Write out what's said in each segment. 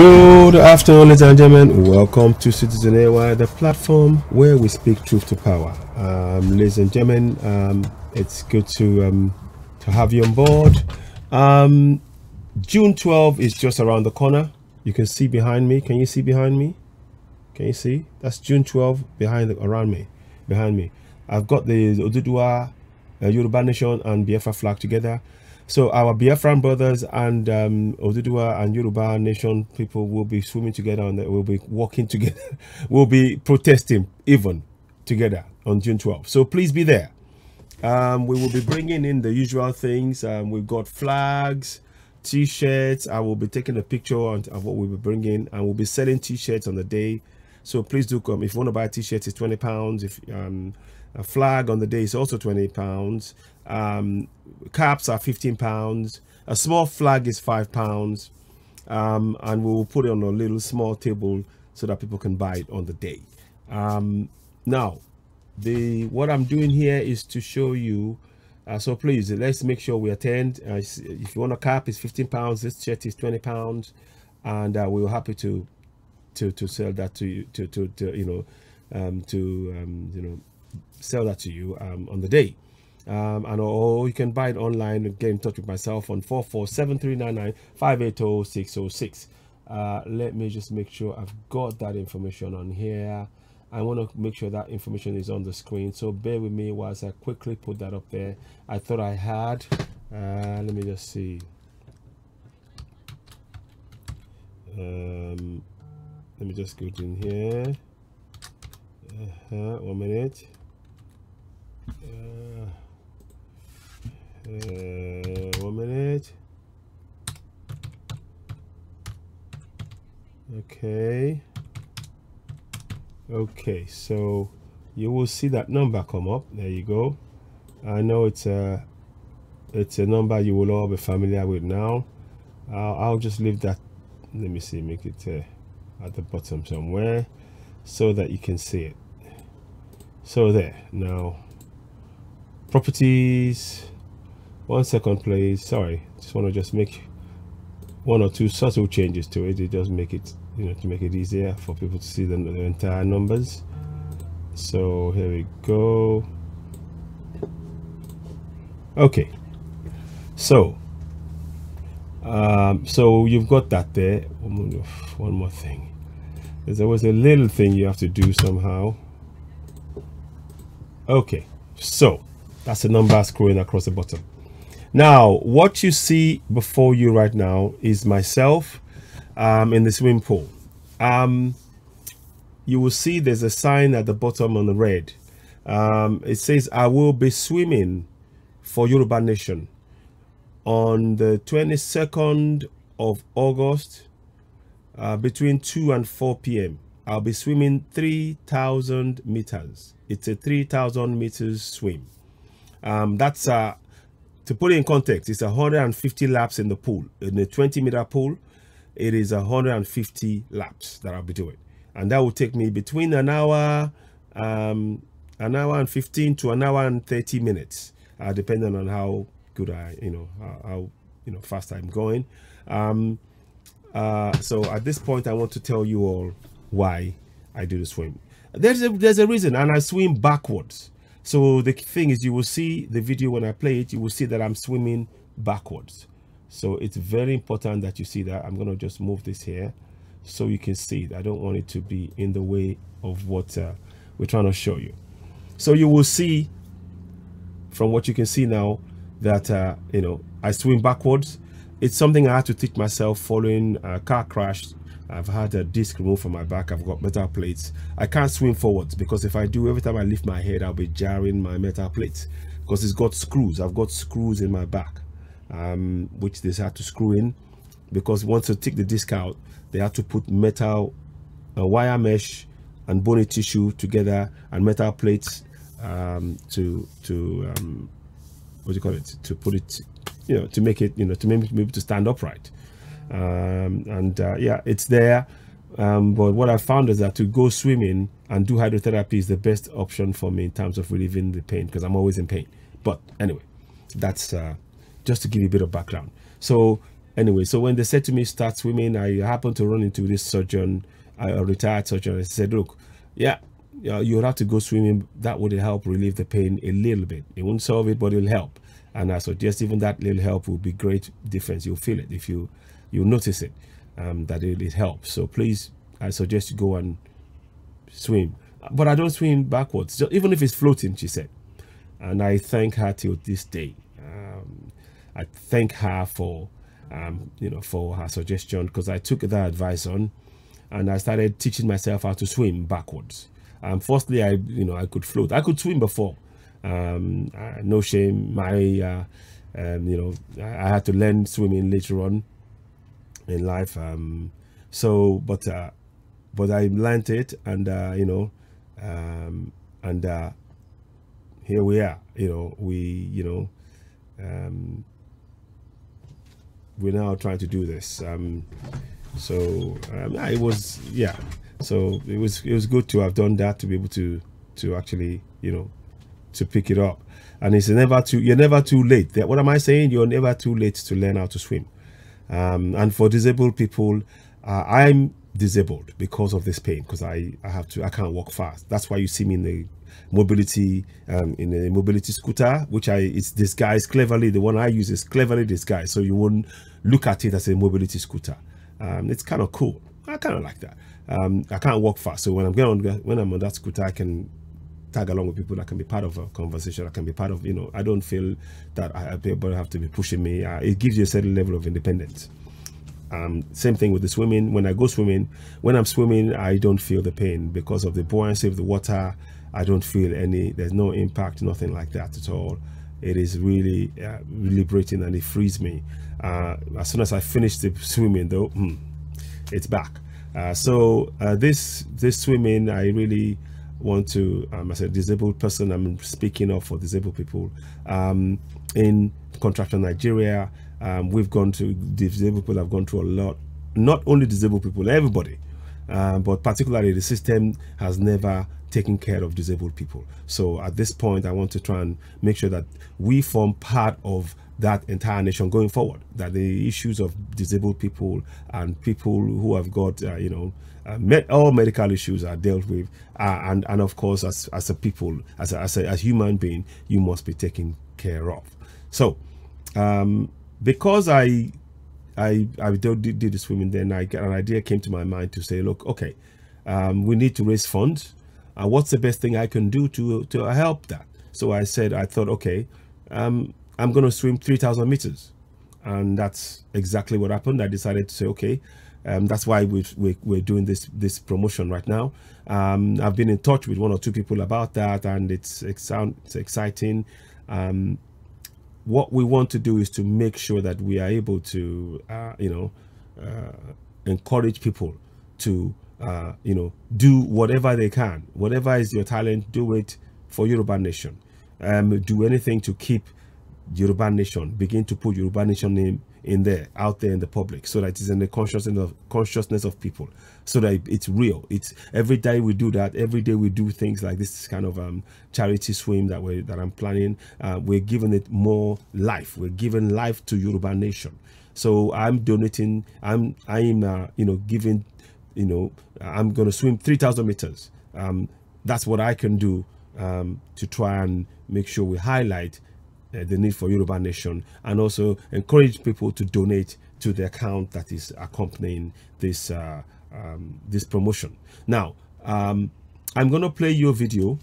Good afternoon, ladies and gentlemen. Welcome to Citizen AY, the platform where we speak truth to power. Um, ladies and gentlemen, um, it's good to um, to have you on board. Um, June 12 is just around the corner. You can see behind me. Can you see behind me? Can you see? That's June 12 behind the, around me, behind me. I've got the Odudua, uh, Yoruba Nation, and Biafra flag together. So our Biafran brothers and um, Odudua and Yoruba nation people will be swimming together and we'll be walking together. we'll be protesting even together on June 12th. So please be there. Um, we will be bringing in the usual things. Um, we've got flags, t-shirts. I will be taking a picture of what we'll be bringing and we'll be selling t-shirts on the day. So please do come. If you want to buy a t-shirt, it's 20 pounds. If um, a flag on the day is also 20 pounds. Um, caps are 15 pounds. A small flag is five pounds. Um, and we'll put it on a little small table so that people can buy it on the day. Um, now, the what I'm doing here is to show you. Uh, so please, let's make sure we attend. Uh, if you want a cap, it's 15 pounds. This shirt is 20 pounds, and uh, we are happy to to to sell that to you to to, to you know um, to um, you know sell that to you um, on the day. Um, and or you can buy it online and get in touch with myself on 4473995800606. Uh, let me just make sure I've got that information on here. I want to make sure that information is on the screen. So bear with me whilst I quickly put that up there. I thought I had. Uh, let me just see. Um, let me just go in here. Uh -huh, one minute. Uh, uh, one minute. Okay. Okay, so you will see that number come up. There you go. I know it's a it's a number you will all be familiar with now. I'll, I'll just leave that. Let me see. Make it uh, at the bottom somewhere so that you can see it. So there now properties one second please sorry just want to just make one or two subtle changes to it it does make it you know to make it easier for people to see the, the entire numbers so here we go okay so um, so you've got that there one more thing there's always a little thing you have to do somehow okay so that's the number scrolling across the bottom. Now, what you see before you right now is myself um, in the swimming pool. Um, you will see there's a sign at the bottom on the red. Um, it says, I will be swimming for Yoruba Nation on the 22nd of August uh, between 2 and 4 p.m. I'll be swimming 3,000 meters. It's a 3,000 meters swim. Um, that's uh, to put it in context, it's 150 laps in the pool. In the 20 meter pool, it is 150 laps that I'll be doing. And that will take me between an hour, um, an hour and 15 to an hour and 30 minutes, uh, depending on how good I, you know, how, how you know, fast I'm going. Um, uh, so at this point, I want to tell you all why I do the swim. There's a, there's a reason, and I swim backwards. So the thing is, you will see the video when I play it, you will see that I'm swimming backwards. So it's very important that you see that. I'm going to just move this here so you can see it. I don't want it to be in the way of what uh, we're trying to show you. So you will see from what you can see now that, uh, you know, I swim backwards. It's something I had to teach myself following a car crash I've had a disc removed from my back. I've got metal plates. I can't swim forwards because if I do, every time I lift my head, I'll be jarring my metal plates because it's got screws. I've got screws in my back, um, which they had to screw in because once you take the disc out, they had to put metal, a wire mesh, and bony tissue together and metal plates um, to to um, what do you call it to put it, you know, to make it, you know, to make maybe to stand upright um, and uh, yeah it's there um, but what I found is that to go swimming and do hydrotherapy is the best option for me in terms of relieving the pain because I'm always in pain but anyway that's uh, just to give you a bit of background so anyway so when they said to me start swimming I happened to run into this surgeon a retired surgeon and said look yeah you'll have to go swimming that would help relieve the pain a little bit it won't solve it but it'll help and I suggest even that little help will be great difference you'll feel it if you you'll notice it um, that it, it helps. So please, I suggest you go and swim. But I don't swim backwards, even if it's floating, she said. And I thank her till this day. Um, I thank her for, um, you know, for her suggestion because I took that advice on and I started teaching myself how to swim backwards. Um, firstly, I, you know, I could float. I could swim before. Um, uh, no shame. My, uh, um, you know, I, I had to learn swimming later on in life. Um, so, but uh, but I learned it, and uh, you know, um, and uh, here we are. You know, we you know, um, we're now trying to do this. Um, so um, it was yeah. So it was it was good to have done that to be able to to actually you know to pick it up and it's never too you're never too late what am i saying you're never too late to learn how to swim um, and for disabled people, uh, I'm disabled because of this pain because I, I have to I can't walk fast. That's why you see me in the mobility um, in a mobility scooter, which I it's disguised cleverly. The one I use is cleverly disguised, so you won't look at it as a mobility scooter. Um, it's kind of cool. I kind of like that. Um, I can't walk fast, so when I'm going on when I'm on that scooter, I can tag along with people that can be part of a conversation, that can be part of, you know, I don't feel that I, people have to be pushing me. Uh, it gives you a certain level of independence. Um, same thing with the swimming. When I go swimming, when I'm swimming, I don't feel the pain because of the buoyancy of the water. I don't feel any, there's no impact, nothing like that at all. It is really uh, liberating and it frees me. Uh, as soon as I finish the swimming though, hmm, it's back. Uh, so uh, this, this swimming, I really, want to, um, as a disabled person, I'm speaking of for disabled people. Um, in contractual Nigeria, um, we've gone to, disabled people have gone through a lot. Not only disabled people, everybody, um, but particularly the system has never taken care of disabled people. So at this point, I want to try and make sure that we form part of that entire nation going forward that the issues of disabled people and people who have got uh, you know uh, med all medical issues are dealt with uh, and and of course as as a people as a, as a as human being you must be taken care of so um, because i i i did, did the swimming then i an idea came to my mind to say look okay um, we need to raise funds uh, what's the best thing i can do to to help that so i said i thought okay um, I'm going to swim 3,000 meters. And that's exactly what happened. I decided to say, okay, um, that's why we, we, are doing this this promotion right now. Um, I've been in touch with one or two people about that, and it's it sound, it's exciting. Um, what we want to do is to make sure that we are able to, uh, you know, uh, encourage people to, uh, you know, do whatever they can, whatever is your talent, do it for Yoruba Nation. Um, do anything to keep Yoruba Nation, begin to put Yoruba Nation name in there, out there in the public, so that it's in the consciousness of consciousness of people, so that it's real. It's every day we do that. Every day we do things like this kind of um, charity swim that we that I'm planning. Uh, we're giving it more life. We're giving life to Yoruba Nation. So I'm donating. I'm I'm uh, you know giving, you know I'm gonna swim three thousand meters. Um, that's what I can do um, to try and make sure we highlight uh, the need for Yoruba Nation and also encourage people to donate to the account that is accompanying this uh, um, this promotion. Now, um, I'm going to play your video.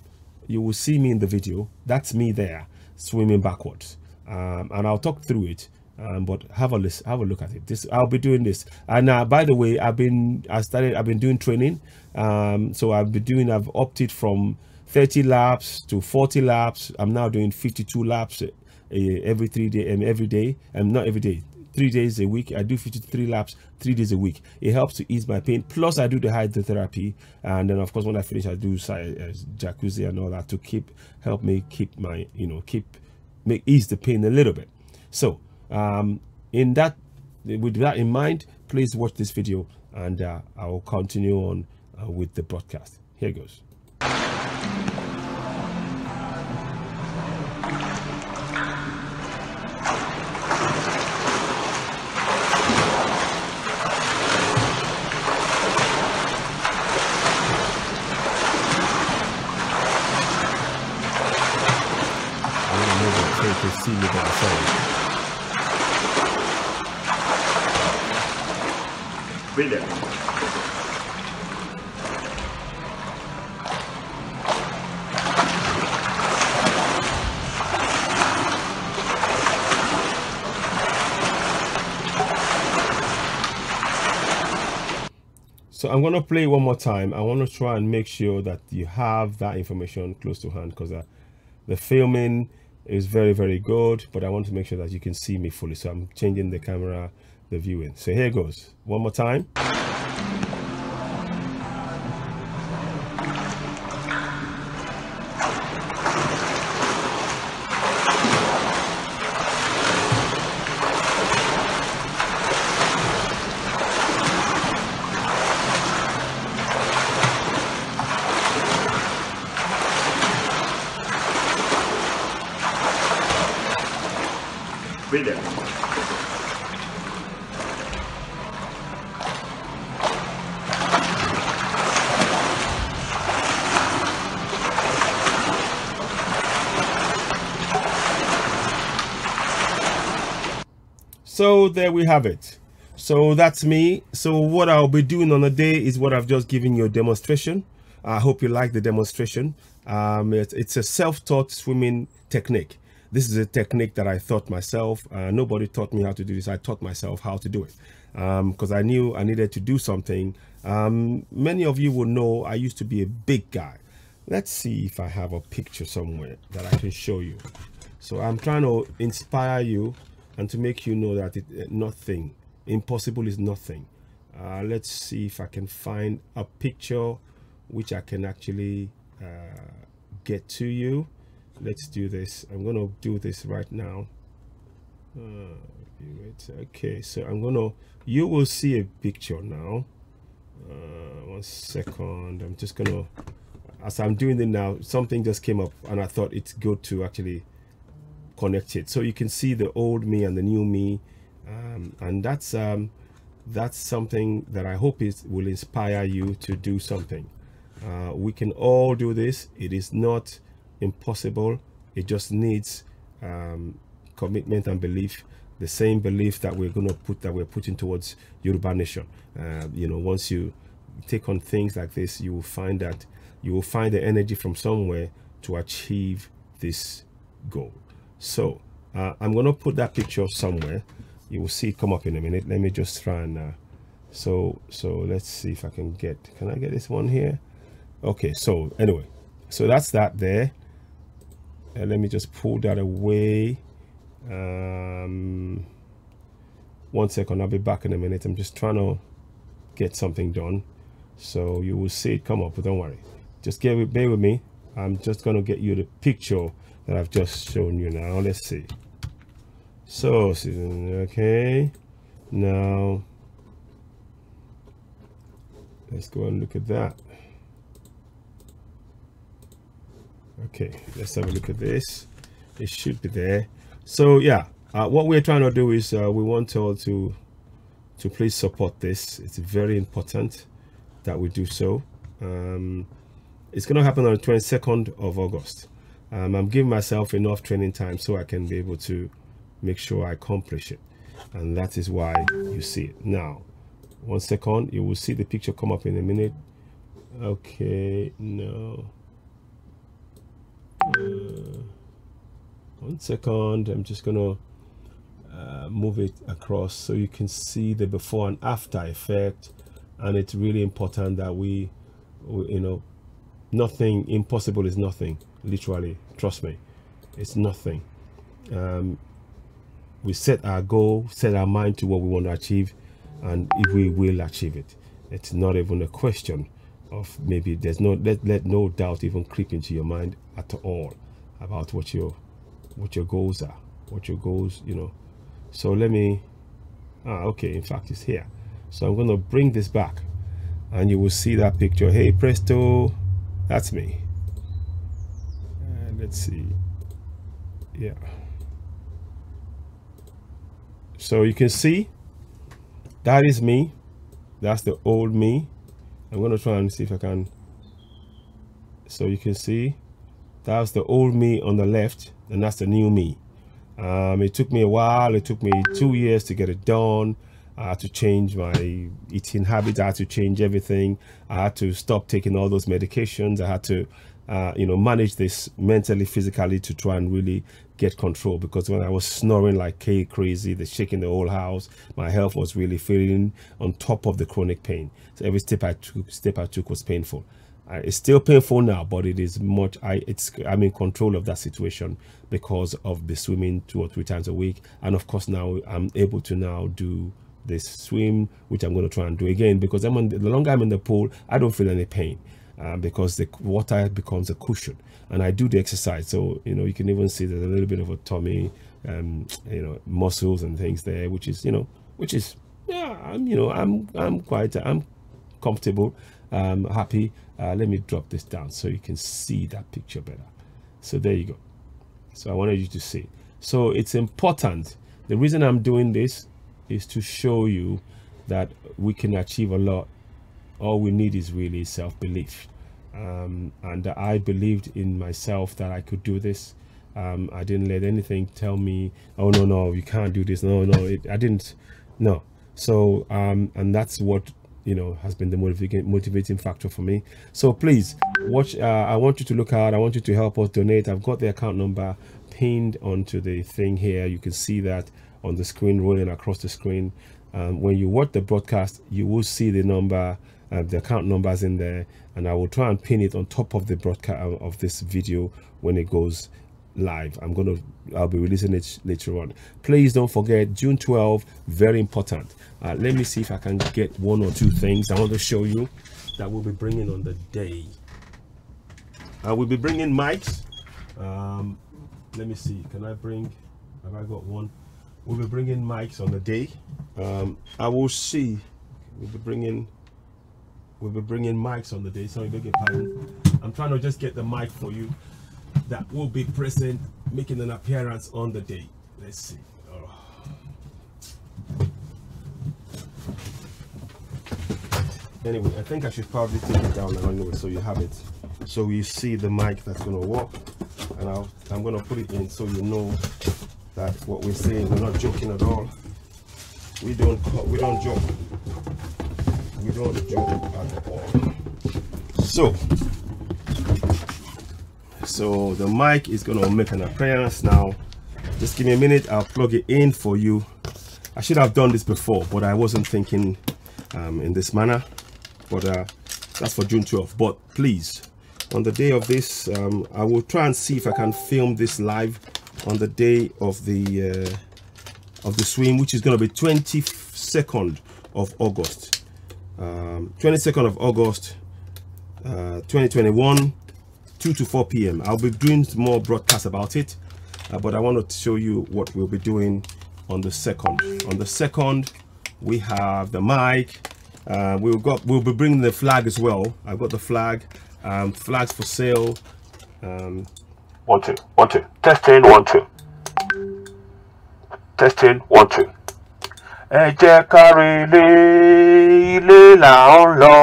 You will see me in the video. That's me there swimming backwards. Um, and I'll talk through it. Um, but have a list, have a look at it. This I'll be doing this. And uh, by the way, I've been I started I've been doing training. Um, so I've been doing I've opted from 30 laps to 40 laps. I'm now doing 52 laps eh, eh, every three day and um, every day. I'm not every day, three days a week. I do 53 laps three days a week. It helps to ease my pain. Plus, I do the hydrotherapy, and then of course when I finish, I do eh, jacuzzi and all that to keep help me keep my you know keep make ease the pain a little bit. So um, in that with that in mind, please watch this video, and uh, I will continue on uh, with the broadcast. Here goes. I'm going to play one more time. I want to try and make sure that you have that information close to hand because uh, the filming is very, very good, but I want to make sure that you can see me fully. So I'm changing the camera, the viewing. So here goes one more time. so there we have it so that's me so what i'll be doing on the day is what i've just given you a demonstration i hope you like the demonstration um, it, it's a self-taught swimming technique this is a technique that i taught myself uh, nobody taught me how to do this i taught myself how to do it because um, i knew i needed to do something um, many of you will know i used to be a big guy let's see if i have a picture somewhere that i can show you so i'm trying to inspire you and to make you know that it, uh, nothing, impossible is nothing. Uh, let's see if I can find a picture which I can actually uh, get to you. Let's do this. I'm going to do this right now. Uh, okay, so I'm going to, you will see a picture now. one second. I'm just going to, as I'm doing it now, something just came up and I thought it's good to actually connected so you can see the old me and the new me um, and that's um, that's something that I hope is will inspire you to do something uh, we can all do this it is not impossible it just needs um, commitment and belief the same belief that we're going to put that we're putting towards Yoruba nation uh, you know once you take on things like this you will find that you will find the energy from somewhere to achieve this goal so uh, i'm gonna put that picture somewhere you will see it come up in a minute let me just try and uh, so so let's see if i can get can i get this one here okay so anyway so that's that there uh, let me just pull that away um one second i'll be back in a minute i'm just trying to get something done so you will see it come up but don't worry just get bear with me i'm just gonna get you the picture that I've just shown you now. Let's see. So, okay. Now, let's go and look at that. Okay, let's have a look at this. It should be there. So yeah, uh, what we're trying to do is uh, we want all to to please support this. It's very important that we do so. Um, it's going to happen on the 22nd of August um, I'm giving myself enough training time so I can be able to make sure I accomplish it. And that is why you see it. Now, one second, you will see the picture come up in a minute. Okay, no. Uh, one second, I'm just gonna uh, move it across so you can see the before and after effect. And it's really important that we, we you know, nothing impossible is nothing literally trust me it's nothing um, we set our goal set our mind to what we want to achieve and if we will achieve it it's not even a question of maybe there's no let, let no doubt even creep into your mind at all about what your what your goals are what your goals you know so let me ah okay in fact it's here so i'm going to bring this back and you will see that picture hey presto that's me. And let's see. Yeah. So you can see that is me. That's the old me. I'm going to try and see if I can. So you can see that's the old me on the left and that's the new me. Um, it took me a while. It took me two years to get it done. I had to change my eating habits. I had to change everything. I had to stop taking all those medications. I had to, uh, you know, manage this mentally, physically to try and really get control. Because when I was snoring like crazy, the shaking the whole house, my health was really feeling on top of the chronic pain. So every step I took, step I took was painful. it's still painful now, but it is much. I it's I'm in control of that situation because of the swimming two or three times a week, and of course now I'm able to now do this swim, which I'm going to try and do again because I'm on the, the longer I'm in the pool, I don't feel any pain. Uh, because the water becomes a cushion and I do the exercise so you know you can even see there's a little bit of a tummy um you know muscles and things there which is you know which is yeah I'm you know I'm I'm quite I'm comfortable um happy uh, let me drop this down so you can see that picture better so there you go so I wanted you to see so it's important the reason I'm doing this is to show you that we can achieve a lot all we need is really self-belief um, and i believed in myself that i could do this um, i didn't let anything tell me oh no no you can't do this no no it, i didn't no so um, and that's what you know has been the motivating motivating factor for me so please watch uh, i want you to look out i want you to help us donate i've got the account number pinned onto the thing here you can see that on the screen rolling across the screen um, when you watch the broadcast you will see the number uh, the account numbers in there and i will try and pin it on top of the broadcast uh, of this video when it goes live i'm gonna i'll be releasing it later on please don't forget june 12 very important uh, let me see if i can get one or two things i want to show you that we'll be bringing on the day i will be bringing mics um, let me see can i bring have i got one we'll be bringing mics on the day um, i will see we'll be bringing we'll be bringing mics on the day sorry beg your pardon i'm trying to just get the mic for you that will be present making an appearance on the day let's see anyway i think i should probably take it down anyway so you have it so you see the mic that's going to work and i i'm going to put it in so you know that what we're saying, we're not joking at all. We don't we don't joke. We don't joke at all. So so the mic is gonna make an appearance now. Just give me a minute, I'll plug it in for you. I should have done this before, but I wasn't thinking um, in this manner. But uh, that's for June 12th. But please, on the day of this, um, I will try and see if I can film this live on the day of the uh, of the swim which is going to be 22nd of august um, 22nd of august uh, 2021 2 to 4 p.m i'll be doing more broadcasts about it uh, but i want to show you what we'll be doing on the second on the second we have the mic uh, we'll got we'll be bringing the flag as well i've got the flag um, flags for sale um, One, two, one, two. Testing, one, two. Testing, one, two. Ẹ jẹ́ ká rí ilé, ilé là ń lọ.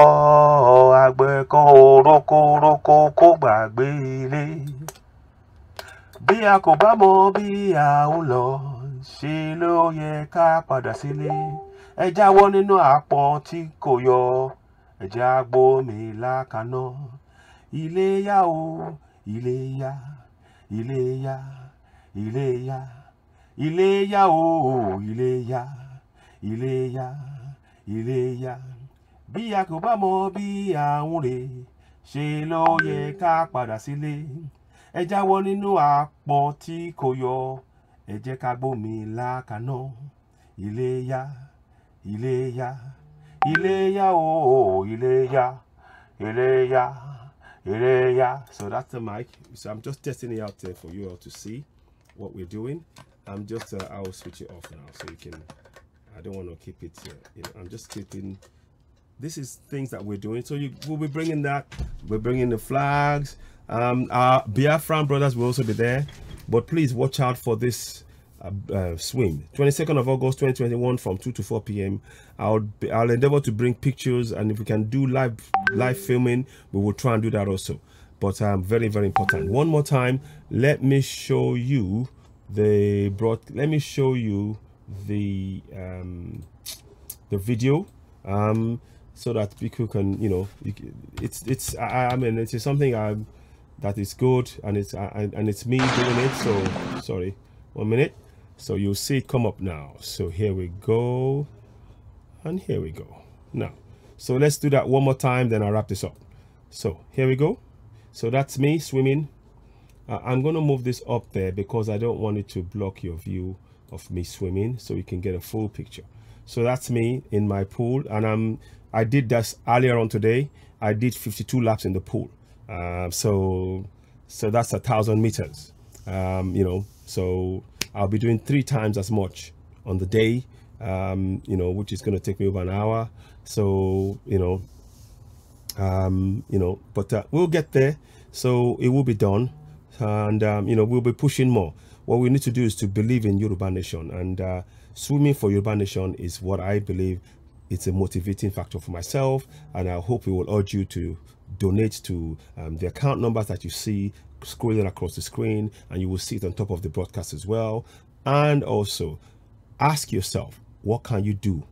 Àgbẹ̀ kan orókó rókó kó gbàgbé ilé. Bí a kò bá mọ bí a ń lọ, ṣe ló yẹ ká padà sílé. Ẹ jáwọ́ nínú àpọ̀ tí kò yọ. Ẹ jẹ́ á gbómi lákaná. Iléyá o, iléyá iléyá iléyá iléyá oh, iléyá iléyá iléyá bí a kò bá mọ bí àwọn rè ṣe ló yẹ ká padà sílé ẹ jáwọ́ nínú àpọ̀n tí kò yọ ẹ jẹ́ ká gbómi lákaná iléyá iléyá iléyá o iléyá iléyá. yeah so that's the mic so i'm just testing it out there for you all to see what we're doing i'm just uh, i'll switch it off now so you can i don't want to keep it uh, you know i'm just keeping this is things that we're doing so you will be bringing that we're bringing the flags um our biafran brothers will also be there but please watch out for this uh, uh swim 22nd of august 2021 from 2 to 4 p.m i'll be, i'll endeavor to bring pictures and if we can do live live filming we will try and do that also but um very very important one more time let me show you the brought. let me show you the um the video um so that people can you know it's it's i, I mean it's something i um, that is good and it's I, and it's me doing it so sorry one minute so you'll see it come up now so here we go and here we go now so let's do that one more time then i'll wrap this up so here we go so that's me swimming uh, i'm going to move this up there because i don't want it to block your view of me swimming so you can get a full picture so that's me in my pool and i'm i did this earlier on today i did 52 laps in the pool um, so so that's a thousand meters um, you know so I'll be doing three times as much on the day, um, you know, which is going to take me over an hour. So, you know, um, you know, but uh, we'll get there. So it will be done. And, um, you know, we'll be pushing more. What we need to do is to believe in Yoruba Nation. And uh, swimming for Yoruba Nation is what I believe it's a motivating factor for myself and i hope we will urge you to donate to um, the account numbers that you see scrolling across the screen and you will see it on top of the broadcast as well. And also ask yourself, what can you do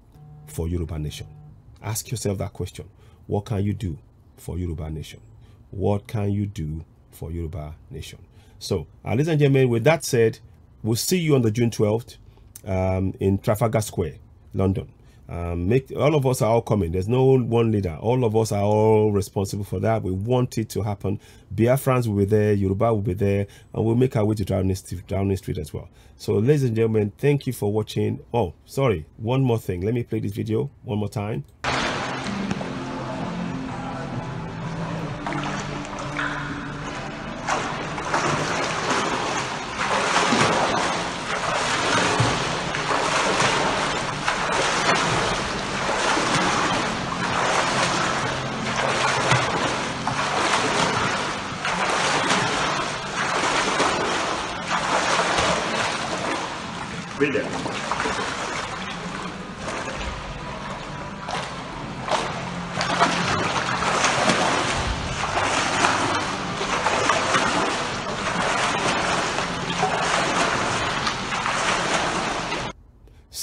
for Yoruba Nation? Ask yourself that question. What can you do for Yoruba Nation? What can you do for Yoruba Nation? So, uh, ladies and gentlemen, with that said, we'll see you on the June 12th um, in Trafalgar Square, London. Um, make all of us are all coming. There's no one leader. All of us are all responsible for that. We want it to happen. Biafrans will be there. Yoruba will be there, and we'll make our way to Downing Street, Downing Street as well. So, ladies and gentlemen, thank you for watching. Oh, sorry, one more thing. Let me play this video one more time.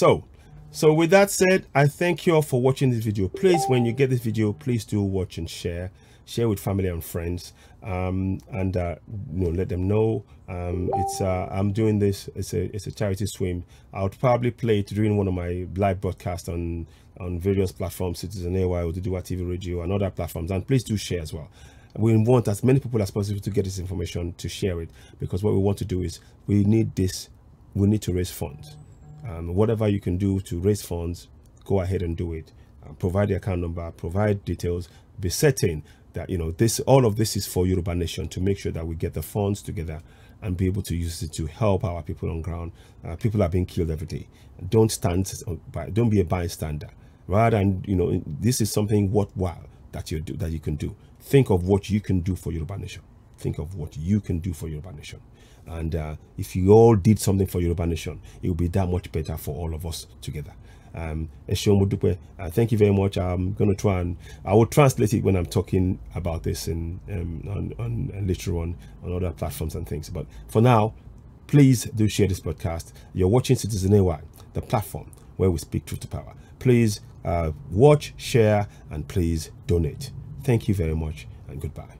so so with that said i thank you all for watching this video please when you get this video please do watch and share share with family and friends um, and uh, you know let them know um, it's uh, i'm doing this it's a it's a charity swim i would probably play it during one of my live broadcasts on on various platforms citizen ay or the tv radio and other platforms and please do share as well we want as many people as possible to get this information to share it because what we want to do is we need this we need to raise funds um, whatever you can do to raise funds go ahead and do it uh, provide the account number provide details be certain that you know this all of this is for Yoruba Nation to make sure that we get the funds together and be able to use it to help our people on ground uh, people are being killed every day don't stand uh, by don't be a bystander rather than you know this is something worthwhile that you do that you can do think of what you can do for Yoruba Nation think of what you can do for Yoruba Nation and uh, if you all did something for Yoruba Nation, it would be that much better for all of us together. Um, uh, thank you very much. I'm going to try and I will translate it when I'm talking about this in um, on, on uh, later on on other platforms and things. But for now, please do share this podcast. You're watching Citizen AY, the platform where we speak truth to power. Please uh, watch, share, and please donate. Thank you very much and goodbye.